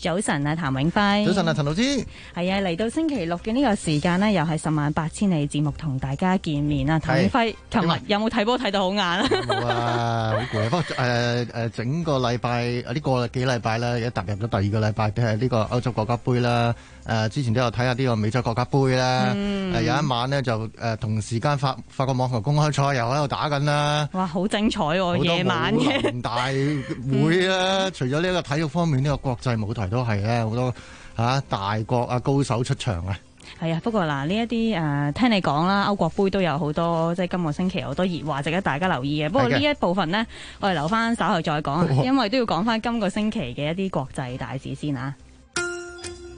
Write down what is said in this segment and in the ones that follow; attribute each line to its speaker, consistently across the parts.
Speaker 1: 早晨，譚早晨啊，譚永輝。早晨啊，陳老師。係啊，嚟到星期六嘅呢個時間呢，又係十萬八千里節目同大家見面啊！譚永輝，琴日有冇睇波睇到好眼啊？
Speaker 2: 冇啊，好攰啊！不過誒誒、呃呃，整個禮拜呢、這個幾禮拜啦，而家踏入咗第二個禮拜，誒、這、呢個歐洲國家杯啦。誒、呃、之前都有睇下呢個美洲國家杯啦、嗯呃，有一晚呢，就誒、呃、同時間法法國網球公開賽又喺度打緊啦。
Speaker 1: 哇！好精彩喎、啊，夜晚嘅
Speaker 2: 大會啦， 嗯、除咗呢個體育方面呢、呢個國際舞台都係咧，好多嚇、啊、大國啊高手出場啊。
Speaker 1: 係啊，不過嗱呢一啲誒聽你講啦，歐國杯都有好多即係今個星期好多熱話，值得大家留意嘅。不過呢一部分呢，的我哋留翻稍後再講，因為都要講翻今個星
Speaker 3: 期嘅一啲國際大事先啊。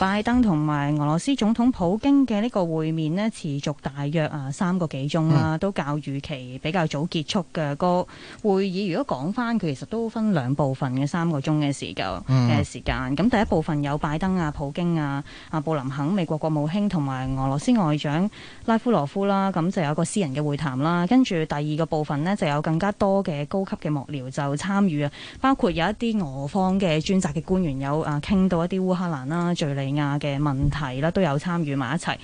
Speaker 1: 拜登同埋俄羅斯總統普京嘅呢個會面咧，持續大約啊三個幾鐘啦，嗯、都較預期比較早結束嘅。個、嗯、會議如果講翻，佢其實都分兩部分嘅三個鐘嘅時間嘅時間。咁、嗯、第一部分有拜登啊、普京啊、阿布林肯、美國國務卿同埋俄羅斯外長拉夫羅夫啦，咁就有個私人嘅會談啦。跟住第二個部分呢，就有更加多嘅高級嘅幕僚就參與啊，包括有一啲俄方嘅專責嘅官員，有啊傾到一啲烏克蘭啦利亞嘅問題啦，都有參與埋一齊。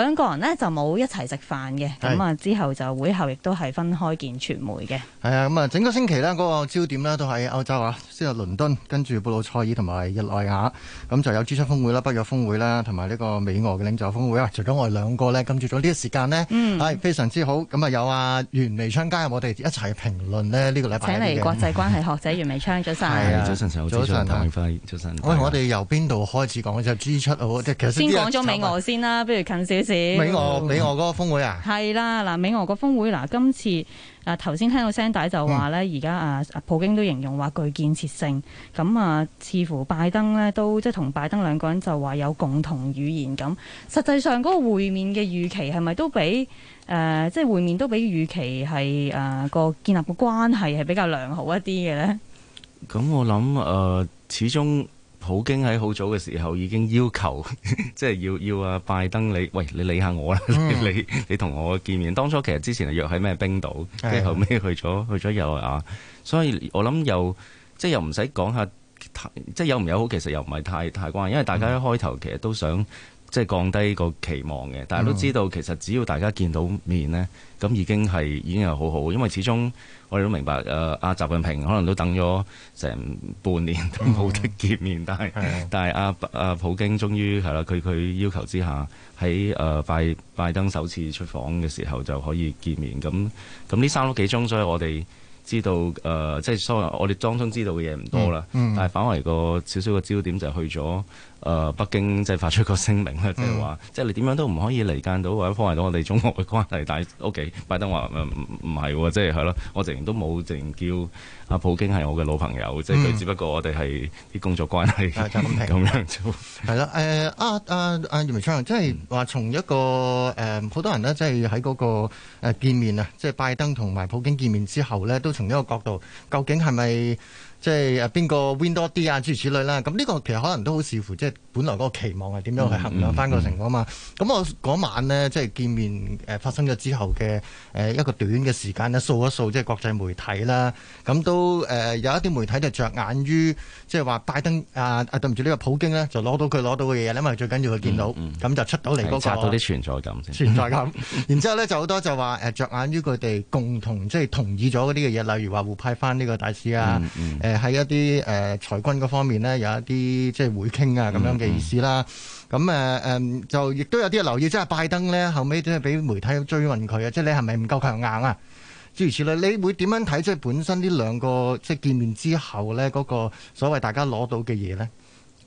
Speaker 1: 兩個人呢就冇一齊食飯嘅，咁啊是之後就會後亦都係分開見傳媒嘅。
Speaker 2: 係啊，咁啊整個星期呢，嗰個焦點呢都喺歐洲啊，先係倫敦，跟住布魯塞爾同埋日內瓦，咁就有 G7 峰會啦、北約峰會啦，同埋呢個美俄嘅領袖峰會啊。除咗我哋兩個呢，跟住咗呢啲時間呢，係、嗯、非常之好。咁啊有啊袁彌昌加入我哋一齊評論呢。呢個禮拜。請嚟國際關係
Speaker 1: 學者袁彌昌，早晨。早
Speaker 2: 晨，
Speaker 4: 早晨，早晨。喂，
Speaker 2: 我哋由邊度開始講就 G7 好？即係其實先講咗美俄
Speaker 1: 先啦，不如近少。 美俄美俄個峰會啊，係啦嗱，美俄個峰會嗱，今次啊頭先聽到聲帶就話咧，而家啊普京都形容話具建設性，咁啊似乎拜登咧都即係同拜登兩個人就話有共同語言咁，實際上嗰個會面嘅預期係咪都比誒、呃、即係會面都比預期係誒個建立個關係係比較良好一啲嘅咧？
Speaker 4: 咁、嗯、我諗誒、呃、始終。普京喺好早嘅時候已經要求 即要，即係要要啊拜登你，喂，你理下我啦，嗯、你你同我見面。當初其實之前係約喺咩冰島，跟住的後尾去咗去咗日內瓦，所以我諗又即係又唔使講下，即係有唔有好其實又唔係太太關，因為大家一開頭其實都想。嗯即係降低個期望嘅，但係都知道其實只要大家見到面呢，咁、嗯、已經係已經係好好，因為始終我哋都明白誒，阿、呃、習近平可能都等咗成半年都冇得見面，但係但係阿阿普京終於係啦，佢佢、啊、要求之下喺誒、呃、拜拜登首次出訪嘅時候就可以見面，咁咁呢三個幾鐘，所以我哋知道誒、呃，即係所謂我哋當中知道嘅嘢唔多啦，嗯嗯、但係反為個少少嘅焦點就去咗。誒北京即係發出個聲明咧，嗯、即係話，即係你點樣都唔可以離間到或者破壞到我哋中國嘅關係。但係 O.K. 拜登話唔唔係喎，即係係咯，我然直情都冇直情叫阿普京係我嘅老朋友，嗯、即係佢只不過我哋係啲工作關係咁樣啫。
Speaker 2: 係 justamente 啦，誒阿阿阿袁彌昌，啊啊、原命 Team, 即係話從一個誒好、呃、多人呢，即係喺嗰個誒見面啊，即係拜登同埋普京見面之後呢，都從一個角度，究竟係咪？即係邊個 win 多啲啊諸如此類啦，咁呢個其實可能都好視乎即係本來嗰個期望係點樣去衡量翻個成果嘛。咁我嗰晚呢，即係見面誒，發生咗之後嘅誒一個短嘅時間咧，數一數即係國際媒體啦，咁都誒有一啲媒體就着眼於即係話拜登啊，啊對唔住呢個普京呢，就攞到佢攞到嘅嘢因為，最緊要佢見到，咁就出到嚟嗰個，察到啲存
Speaker 4: 在感存在
Speaker 2: 感，然之後呢就好多就話誒着眼於佢哋共同即係同意咗嗰啲嘅嘢，例如話互派翻呢個大使啊。喺一啲誒、呃、裁軍嗰方面呢，有一啲即係會傾啊咁樣嘅意思啦。咁誒誒，就亦都有啲留意，即係拜登呢後尾都係俾媒體追問佢啊，即係你係咪唔夠強硬啊？諸如此類。你會點樣睇即係本身呢兩個即係見面之後呢嗰、嗰個
Speaker 4: 所謂大家攞到嘅嘢呢？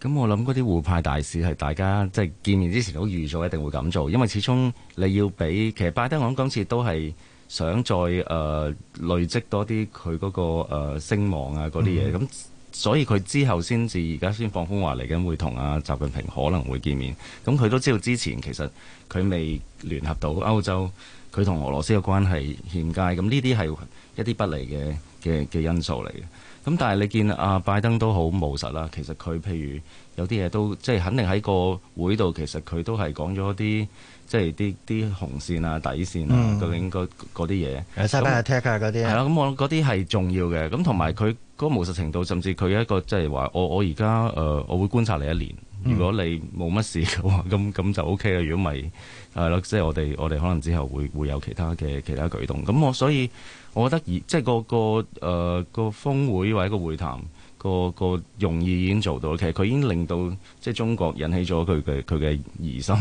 Speaker 4: 咁我諗嗰啲互派大使係大家即係見面之前都預咗一定會咁做，因為始終你要俾其實拜登，我諗今次都係。想再誒、呃、累積多啲佢嗰個誒、呃、聲望啊嗰啲嘢，咁、嗯、所以佢之後先至而家先放風話嚟緊會同阿習近平可能會見面，咁佢都知道之前其實佢未聯合到歐洲，佢同俄羅斯嘅關係欠佳，咁呢啲係一啲不利嘅。嘅嘅因素嚟嘅，咁但係你見阿、啊、拜登都好務實啦，其實佢譬如有啲嘢都即係肯定喺個會度，其實佢都係講咗啲即係啲啲紅線啊、底線啊，嗯、究竟嗰嗰啲嘢。西班牙踢啊嗰啲。係咯那，咁那、啊、我嗰啲係重要嘅，咁同埋佢嗰個務實程度，甚至佢一個即係話我我而家誒，我會觀察你一年，如果你冇乜事嘅話，咁咁就 OK 啦。如果唔係咯，即係、啊就是、我哋我哋可能之後會會有其他嘅其他、其他舉動。咁我所以。我覺得而即係個個誒、呃、個峰會或者個會談個個容易已經做到。其實佢已經令到即係中國引起咗佢嘅佢嘅疑心，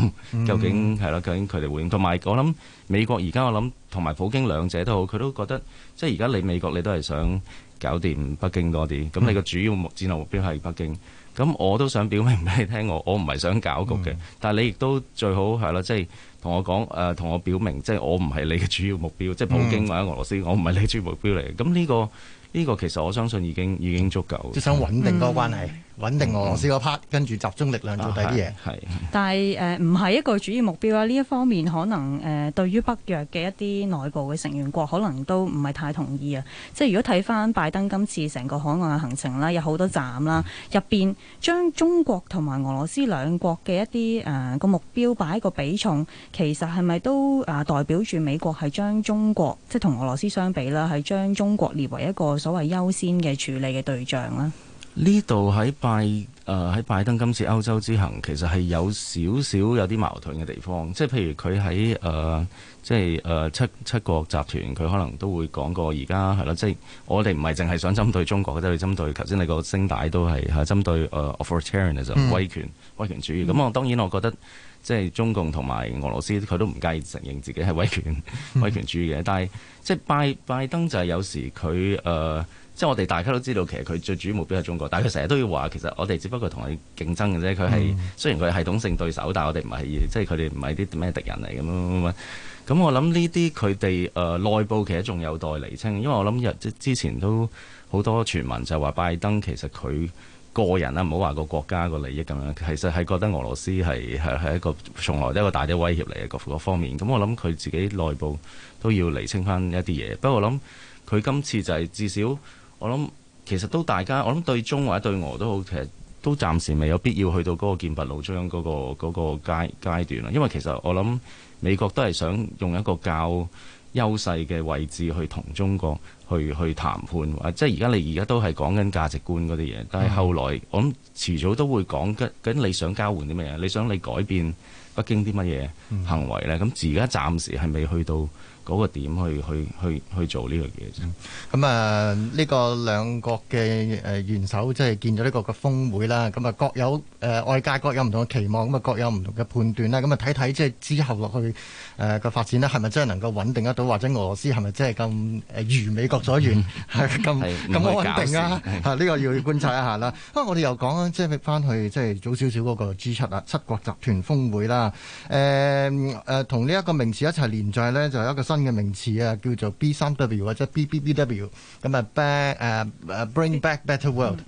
Speaker 4: 究竟係咯、mm hmm. 究竟佢哋會點？同埋我諗美國而家我諗同埋普京兩者都好，佢都覺得即係而家你美國你都係想搞掂北京多啲，咁你個主要目戰略目標係北京。Mm hmm. 咁我都想表明俾你聽我，我我唔係想搞局嘅。嗯、但係你亦都最好係啦，即係同我講誒，同、呃、我表明，即係我唔係你嘅主要目標，即係、嗯、普京或者俄羅斯，我唔係你主要目標嚟嘅。咁呢、呢個呢、呢個其實我相信已經已經足夠。即係想穩定個關係。嗯嗯穩定俄羅斯個 part，跟住集中力量做第啲嘢。係、啊，
Speaker 1: 但係誒唔係一個主要目標啊！呢一方面可能誒、呃、對於北約嘅一啲內部嘅成員國，可能都唔係太同意啊！即係如果睇翻拜登今次成個海外行程啦，有好多站啦，入邊將中國同埋俄羅斯兩國嘅一啲誒個目標擺一個比重，其實係咪都誒代表住美國係將中國即係同俄羅斯相比啦，係將中國列為一個所謂優先嘅處理嘅對象咧？
Speaker 4: 呢度喺拜誒喺、呃、拜登今次歐洲之行，其實係有少少有啲矛盾嘅地方，即係譬如佢喺誒即係誒、呃、七七國集團，佢可能都會講過而家係咯，即係我哋唔係淨係想針對中國，即係針對頭先你個聲帶都係嚇，針對誒 authoritarian 威權威權主義。咁、嗯、我當然我覺得即係中共同埋俄羅斯，佢都唔介意承認自己係威權威權主義嘅。但係即係拜拜登就係有時佢誒。呃呃呃呃即係我哋大家都知道，其實佢最主要目標係中國，但係佢成日都要話其實我哋只不過同佢競爭嘅啫。佢係、嗯、雖然佢係系統性對手，但係我哋唔係即係佢哋唔係啲咩敵人嚟咁。咁我諗呢啲佢哋誒內部其實仲有待釐清，因為我諗之前都好多傳聞就話拜登其實佢個人啦，唔好話個國家個利益咁樣，其實係覺得俄羅斯係係係一個從來都一個大嘅威脅嚟嘅各方面。咁我諗佢自己內部都要釐清返一啲嘢。不過我諗佢今次就係至少。我諗其實都大家，我諗對中或者對俄都好，其實都暫時未有必要去到嗰個劍拔弩張嗰個嗰、嗰個階、階段啦。因為其實我諗美國都係想用一個較優勢嘅位置去同中國去去談判，即係而家你而家都係講緊價值觀嗰啲嘢。但係後來、嗯、我諗遲早都會講緊緊你想交換啲乜嘢，你想你改變北京啲乜嘢行為咧。咁而家暫時係未去到。嗰個點去去去去做呢樣嘢啫。
Speaker 2: 咁、嗯嗯、啊，呢、這個兩國嘅誒元首即係見咗呢個嘅、這個、峰會啦。咁啊，各有誒、呃、外界各有唔同嘅期望，咁啊各有唔同嘅判斷啦。咁啊，睇睇即係之後落去，誒個發展呢係咪真係能夠穩定得到？或者俄羅斯係咪真係咁誒？如美國所願，係咁咁好穩定啊！嚇，呢個要觀察一下啦。不過我哋又講即係翻去即係早少少嗰個 G 七啊，七國集團峰會啦。誒誒，同呢一個名詞一齊連載呢，就有一個新嘅名詞啊，叫做 B 三 W 或者 B B B W。咁啊 bring back better world。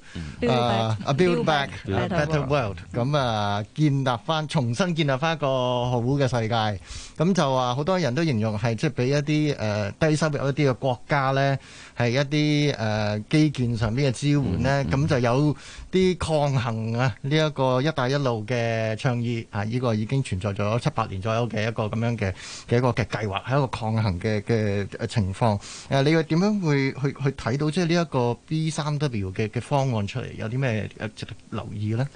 Speaker 2: build back better world。咁啊，建立翻，重新建立翻一個好嘅世界。咁就話好多人都形容係即係俾一啲誒、呃、低收入一啲嘅國家呢係一啲誒、呃、基建上邊嘅支援呢，咁、嗯、就有啲抗衡啊！呢、這、一個一帶一路嘅倡議啊，呢、這個已經存在咗七八年左右嘅一個咁樣嘅嘅一個嘅計劃，係一,一,一個抗衡嘅嘅情況。誒、啊，你話點樣會去去睇到即係呢一個 B 三 W 嘅嘅方案出嚟，有啲咩誒值得留意呢？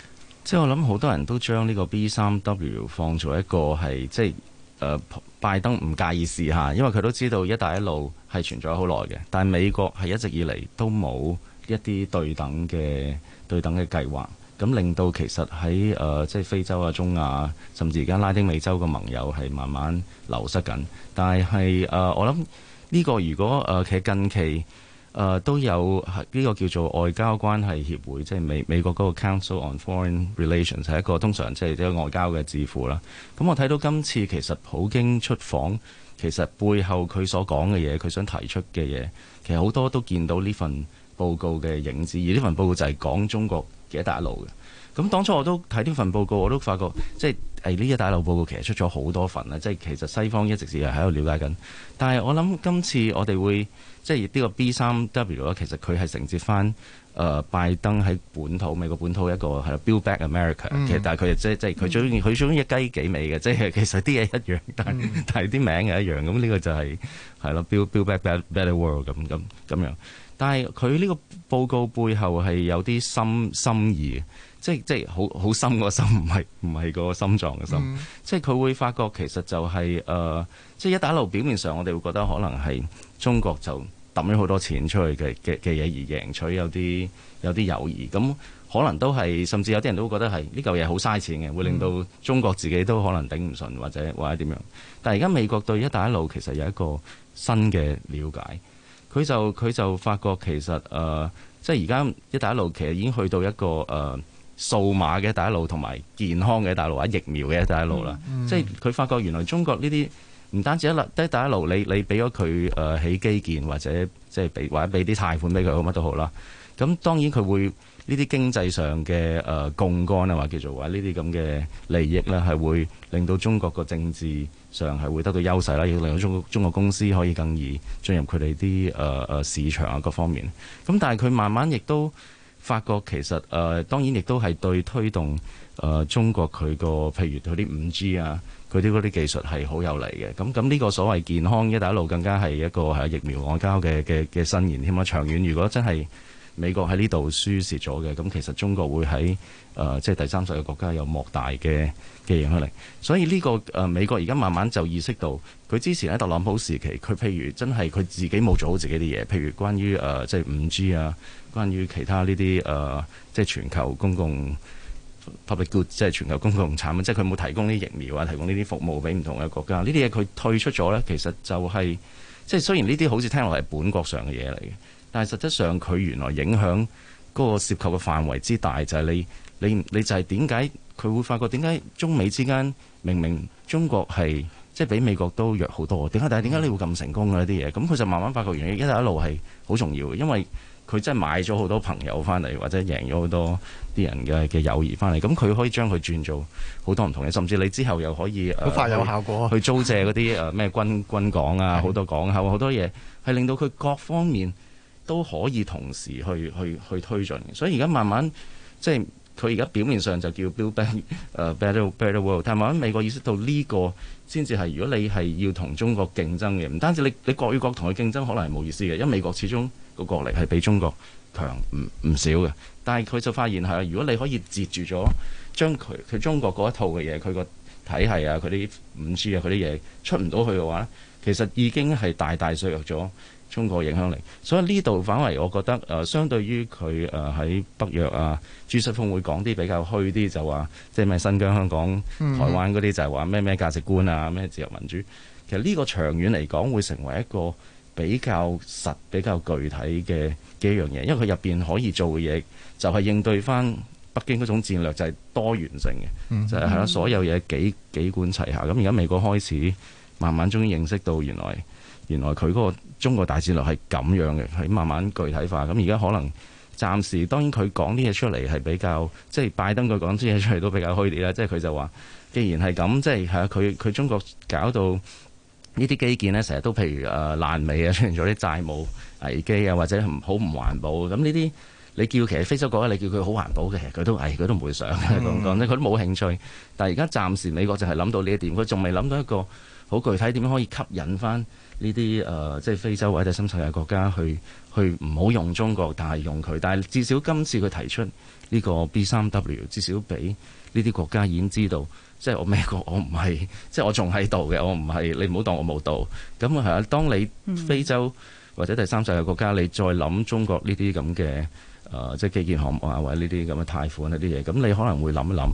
Speaker 4: 即係我諗好多人都將呢個 B 三 W 放做一個係即係。誒拜登唔介意試下因為佢都知道一帶一路係存在好耐嘅，但係美國係一直以嚟都冇一啲對等嘅對等嘅計劃，咁令到其實喺誒、呃、即係非洲啊、中亞甚至而家拉丁美洲嘅盟友係慢慢流失緊。但係誒、呃、我諗呢個如果誒、呃、其實近期。誒都有係呢個叫做外交關係協會，即係美美國嗰個 Council on Foreign Relations 係一個通常即係都有外交嘅智庫啦。咁我睇到今次其實普京出訪，其實背後佢所講嘅嘢，佢想提出嘅嘢，其實好多都見到呢份報告嘅影子，而呢份報告就係講中國。幾大路嘅，咁當初我都睇呢份報告，我都發覺即係呢、哎、一帶一路報告其實出咗好多份啦，即係其實西方一直係喺度了解緊。但係我諗今次我哋會即係呢個 B3W 其實佢係承接返誒、呃、拜登喺本土美國本土一個係 Build Back America，嗯、其實但係佢即係即係佢中意佢中意一雞幾味嘅，即係其實啲嘢一樣，但係、嗯、但係啲名係一樣。咁呢個就係係咯，Build Back Better World 咁樣。但係佢呢個報告背後係有啲心心意，即係即係好好深個心，唔係唔係個心臟嘅心。嗯、即係佢會發覺其實就係、是、誒、呃，即係一帶一路表面上，我哋會覺得可能係中國就抌咗好多錢出去嘅嘅嘅嘢而贏取有啲有啲友誼，咁可能都係甚至有啲人都會覺得係呢嚿嘢好嘥錢嘅，嗯、會令到中國自己都可能頂唔順或者或者點樣。但係而家美國對一帶一路其實有一個新嘅了解。佢就佢就發覺其實誒、呃，即係而家一帶一路其實已經去到一個誒、呃、數碼嘅一帶一路，同埋健康嘅一帶一路，或者疫苗嘅一帶一路啦。嗯、即係佢發覺原來中國呢啲唔單止一粒一帶一路，你你俾咗佢誒起基建，或者即係俾或者俾啲貸款俾佢，好乜都好啦。咁當然佢會。呢啲經濟上嘅誒槓桿啊，或者叫做話呢啲咁嘅利益咧，係會令到中國個政治上係會得到優勢啦，亦令到中中國公司可以更易進入佢哋啲誒誒市場啊各方面。咁但係佢慢慢亦都發覺，其實誒、呃、當然亦都係對推動誒、呃、中國佢個譬如佢啲五 G 啊，佢啲嗰啲技術係好有利嘅。咁咁呢個所謂健康一帶一路更加係一個係疫苗外交嘅嘅嘅新言添啊。長遠如果真係，美國喺呢度輸蝕咗嘅，咁其實中國會喺誒、呃、即係第三世界嘅國家有莫大嘅嘅影響力，所以呢、這個誒、呃、美國而家慢慢就意識到，佢之前喺特朗普時期，佢譬如真係佢自己冇做好自己啲嘢，譬如關於誒、呃、即係五 G 啊，關於其他呢啲誒即係全球公共 public good，即係全球公共產品，即係佢冇提供啲疫苗啊，提供呢啲服務俾唔同嘅國家，呢啲嘢佢退出咗咧，其實就係、是、即係雖然呢啲好似聽落係本國上嘅嘢嚟嘅。但係實質上佢原來影響嗰個涉及嘅範圍之大，就係、是、你你你就係點解佢會發覺點解中美之間明明中國係即係比美國都弱好多，點解？但係點解你會咁成功嘅呢啲嘢？咁佢、嗯、就慢慢發覺原因，一帶一路係好重要嘅，因為佢真係買咗好多朋友翻嚟，或者贏咗好多啲人嘅嘅友誼翻嚟。咁佢可以將佢轉做好多唔同嘅，甚至你之後又可以好快有效果去租借嗰啲誒咩軍 軍港啊，好多港口好多嘢，係令到佢各方面。都可以同時去去去推進，所以而家慢慢即係佢而家表面上就叫 Build Back 誒 Better、uh, Better World，但係慢慢美國意識到呢個先至係如果你係要同中國競爭嘅，唔單止你你國與國同佢競爭可能係冇意思嘅，因為美國始終個國力係比中國強唔唔少嘅。但係佢就發現係，如果你可以截住咗將佢佢中國嗰一套嘅嘢，佢個體系啊，佢啲五 G 啊，佢啲嘢出唔到去嘅話，其實已經係大大削弱咗。中國影響力，所以呢度反為我覺得誒、呃，相對於佢誒喺北約啊，G7 峰會講啲比較虛啲，就話即係咩新疆、香港、台灣嗰啲，就係話咩咩價值觀啊、咩自由民主。其實呢個長遠嚟講，會成為一個比較實、比較具體嘅一樣嘢，因為佢入邊可以做嘅嘢，就係、是、應對翻北京嗰種戰略，就係、是、多元性嘅，就係啦，所有嘢幾幾管齊下。咁而家美國開始慢慢終於認識到原來。原來佢嗰個中國大戰略係咁樣嘅，係慢慢具體化。咁而家可能暫時，當然佢講啲嘢出嚟係比較，即係拜登佢講啲嘢出嚟都比較虛啲啦。即係佢就話，既然係咁，即係係佢佢中國搞到呢啲基建呢，成日都譬如誒、呃、爛尾啊，出現咗啲債務危機啊，或者好唔環保。咁呢啲你叫其實非洲國家，你叫佢好環保嘅，佢都誒，佢、哎、都唔會想咁講，佢都冇興趣。但係而家暫時美國淨係諗到呢一點，佢仲未諗到一個好具體點樣可以吸引翻。呢啲誒，即係非洲或者第三世界國家去，去去唔好用中國，但係用佢。但係至少今次佢提出呢個 B3W，至少俾呢啲國家已經知道，即係我美國我我，我唔係，即係我仲喺度嘅，我唔係。你唔好當我冇到。咁係啊，當你非洲或者第三世界國家，你再諗中國呢啲咁嘅誒，即係基建項目啊，或者呢啲咁嘅貸款呢啲嘢，咁你可能會諗一諗，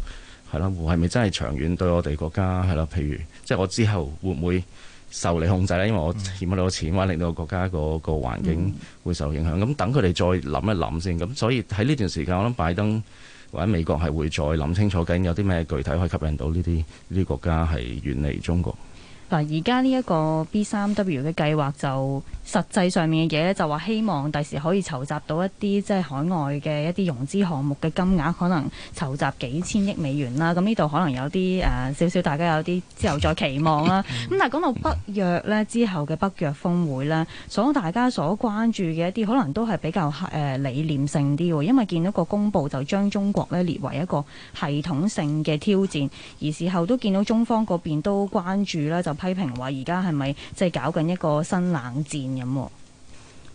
Speaker 4: 係啦、啊，係咪真係長遠對我哋國家係啦、啊？譬如，即係我之後會唔會受你控制啦，因為我欠咗錢，錢、嗯，話令到國家個環境會受影響，咁等佢哋再諗一諗先。咁所以喺呢段時間，我諗拜登或者美國係會再諗清楚緊，有啲咩具體可以吸引到呢啲呢啲國家係遠離中國。
Speaker 1: 嗱，而家呢一個 B 三 W 嘅計劃就實際上面嘅嘢咧，就話希望第時可以籌集到一啲即係海外嘅一啲融資項目嘅金額，可能籌集幾千億美元啦。咁呢度可能有啲誒、呃、少少大家有啲之後再期望啦。咁 但係講到北約咧，之後嘅北約峰會咧，所大家所關注嘅一啲可能都係比較誒、呃、理念性啲，因為見到個公布就將中國咧列為一個系統性嘅挑戰，而事後都見到中方嗰邊都關注咧就。批評話而家係咪即係搞緊一個新冷戰咁？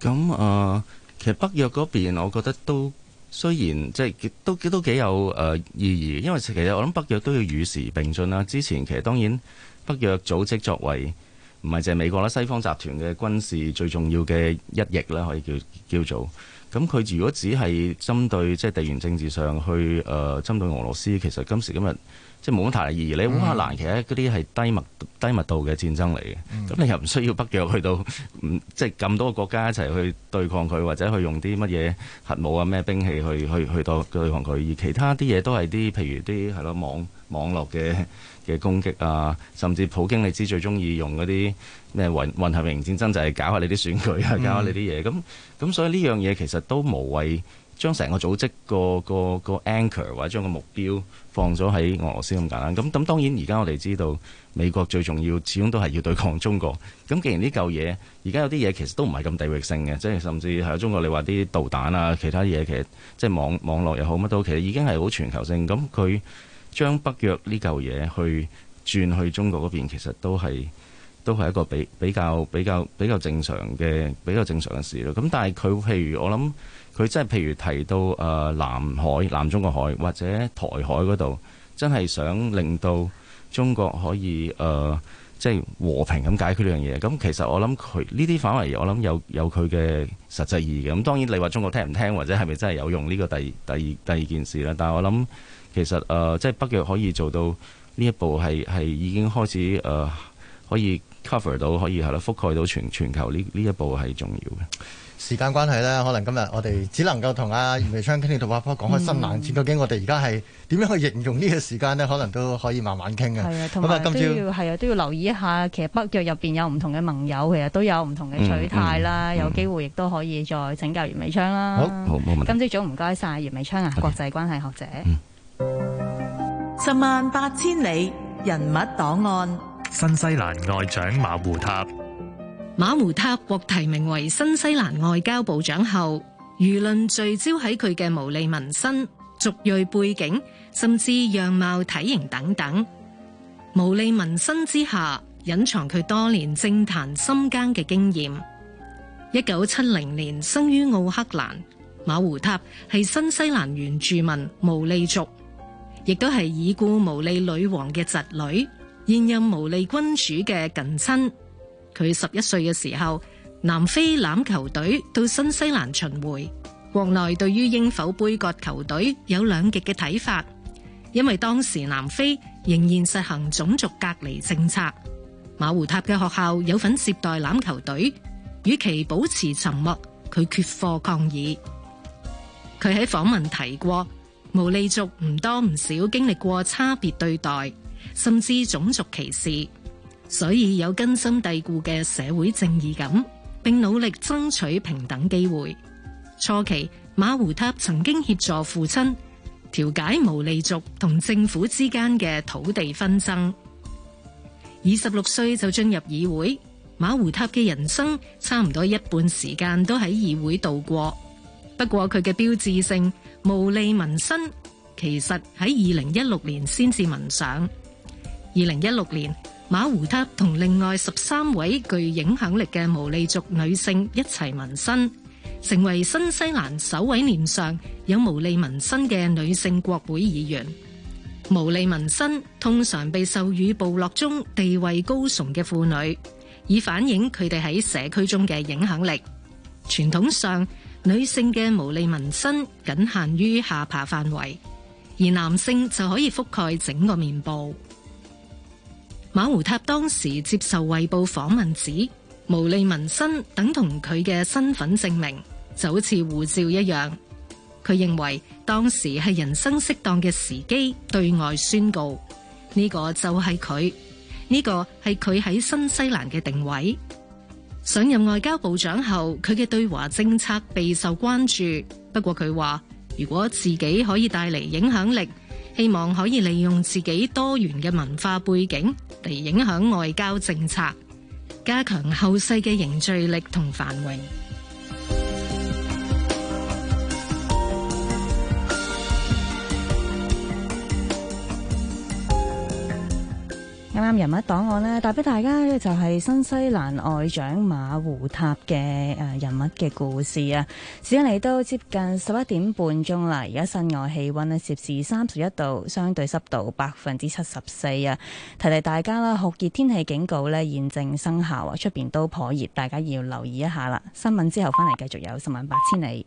Speaker 4: 咁啊、呃，其實北約嗰邊，我覺得都雖然即係都都幾有誒、呃、意義，因為其實我諗北約都要與時並進啦。之前其實當然，北約組織作為唔係淨係美國啦，西方集團嘅軍事最重要嘅一翼啦，可以叫叫做。咁佢如果只係針對即係、就是、地緣政治上去誒呃、針對俄羅斯，其實今時今日。即係冇乜太大意義。你烏克蘭其實嗰啲係低密低密度嘅戰爭嚟嘅，咁、嗯、你又唔需要北約去到，即係咁多國家一齊去對抗佢，或者去用啲乜嘢核武啊咩兵器去去去到對抗佢。而其他啲嘢都係啲譬如啲係咯網網絡嘅嘅攻擊啊，甚至普京你知最中意用嗰啲咩混混合型戰爭，就係、是、搞下你啲選舉、嗯、啊，搞下你啲嘢。咁咁所以呢樣嘢其實都無謂。將成個組織個個 anchor 或者將個目標放咗喺俄羅斯咁簡單咁咁，當然而家我哋知道美國最重要始終都係要對抗中國咁。既然呢嚿嘢而家有啲嘢其實都唔係咁地域性嘅，即係甚至係中國你話啲導彈啊，其他嘢其實即係網網絡又好乜都，其實已經係好全球性。咁佢將北約呢嚿嘢去轉去中國嗰邊，其實都係。都係一個比較比較比較比較正常嘅比較正常嘅事咯。咁但係佢譬如我諗，佢真係譬如提到誒南海、南中國海或者台海嗰度，真係想令到中國可以誒，即、呃、係、就是、和平咁解決呢樣嘢。咁其實我諗佢呢啲反饋，我諗有有佢嘅實際意義嘅。咁當然你話中國聽唔聽，或者係咪真係有用呢個第二第二第二件事咧？但係我諗其實誒，即、呃、係、就是、北約可以做到呢一步，係係已經開始誒、呃、可以。cover 到可以係啦，覆蓋到全全球呢呢一步係重要嘅。
Speaker 2: 時間關係咧，可能今日我哋只能夠同阿袁彌昌傾啲圖畫科講開新冷戰。究竟、嗯、我哋而家係點樣去形容呢個時間呢？可能都可以慢慢傾嘅。係啊，同埋嗎今朝
Speaker 1: 係啊，都要留意一下。其實北約入邊有唔同嘅盟友，其實都有唔同嘅取態啦。嗯嗯嗯、有機會亦都可以再拯救袁彌昌啦、啊。好，好，今朝早唔該曬袁彌昌啊，Okay. 國際
Speaker 3: 關係學者。嗯、十萬八千里人物檔案。
Speaker 2: 新西蘭外長馬胡塔，
Speaker 3: 馬胡塔獲提名為新西蘭外交部長後，輿論聚焦喺佢嘅毛利紋身、族裔背景，甚至樣貌、體型等等。毛利紋身之下，隱藏佢多年政壇深耕嘅經驗。一九七零年生於奧克蘭，馬胡塔係新西蘭原住民毛利族，亦都係已故毛利女王嘅侄女。現任毛利君主嘅近親，佢十一歲嘅時候，南非欖球隊到新西蘭巡迴。國內對於應否杯葛球隊有兩極嘅睇法，因為當時南非仍然實行種族隔離政策。馬胡塔嘅學校有份接待欖球隊，與其保持沉默，佢缺課抗議。佢喺訪問提過，毛利族唔多唔少經歷過差別對待，甚至種族歧視，所以有根深蒂固嘅社會正義感，並努力爭取平等機會。初期，馬胡塔曾經協助父親調解毛利族同政府之間嘅土地紛爭。二十六歲就進入議會，馬胡塔嘅人生差唔多一半時間都喺議會度過。不過佢嘅標誌性毛利紋身，其實喺二零一六年先至紋上。二零一六年，馬胡塔同另外十三位具影響力嘅毛利族女性一齊紋身，成為新西蘭首位臉上有毛利紋身嘅女性國會議員。毛利紋身通常被授予部落中地位高崇嘅婦女，以反映佢哋喺社區中嘅影響力。傳統上，女性嘅毛利紋身僅限於下巴範圍，而男性就可以覆蓋整個面部。馬胡塔當時接受《衛報》訪問指，毛利民生等同佢嘅身份證明，就好似護照一樣。佢認為當時係人生適當嘅時機對外宣告，呢、這個就係佢，呢、這個係佢喺新西蘭嘅定位。上任外交部長後，佢嘅對華政策備受關注。不過佢話，如果自己可以帶嚟影響力。希望可以利用自己多元嘅文化背景嚟影響外交政策，加強後世嘅凝聚力同繁榮。
Speaker 1: 人物檔案呢，帶俾大家呢就係、是、新西蘭外長馬胡塔嘅誒人物嘅故事啊！時間嚟到接近十一點半鐘啦，而家室外氣温呢，攝氏三十一度，相對濕度百分之七十四啊！提提大家啦，酷熱天氣警告呢，現正生效啊，出面都頗熱，大家要留意一下啦。新聞之後翻嚟繼續有十萬八千里。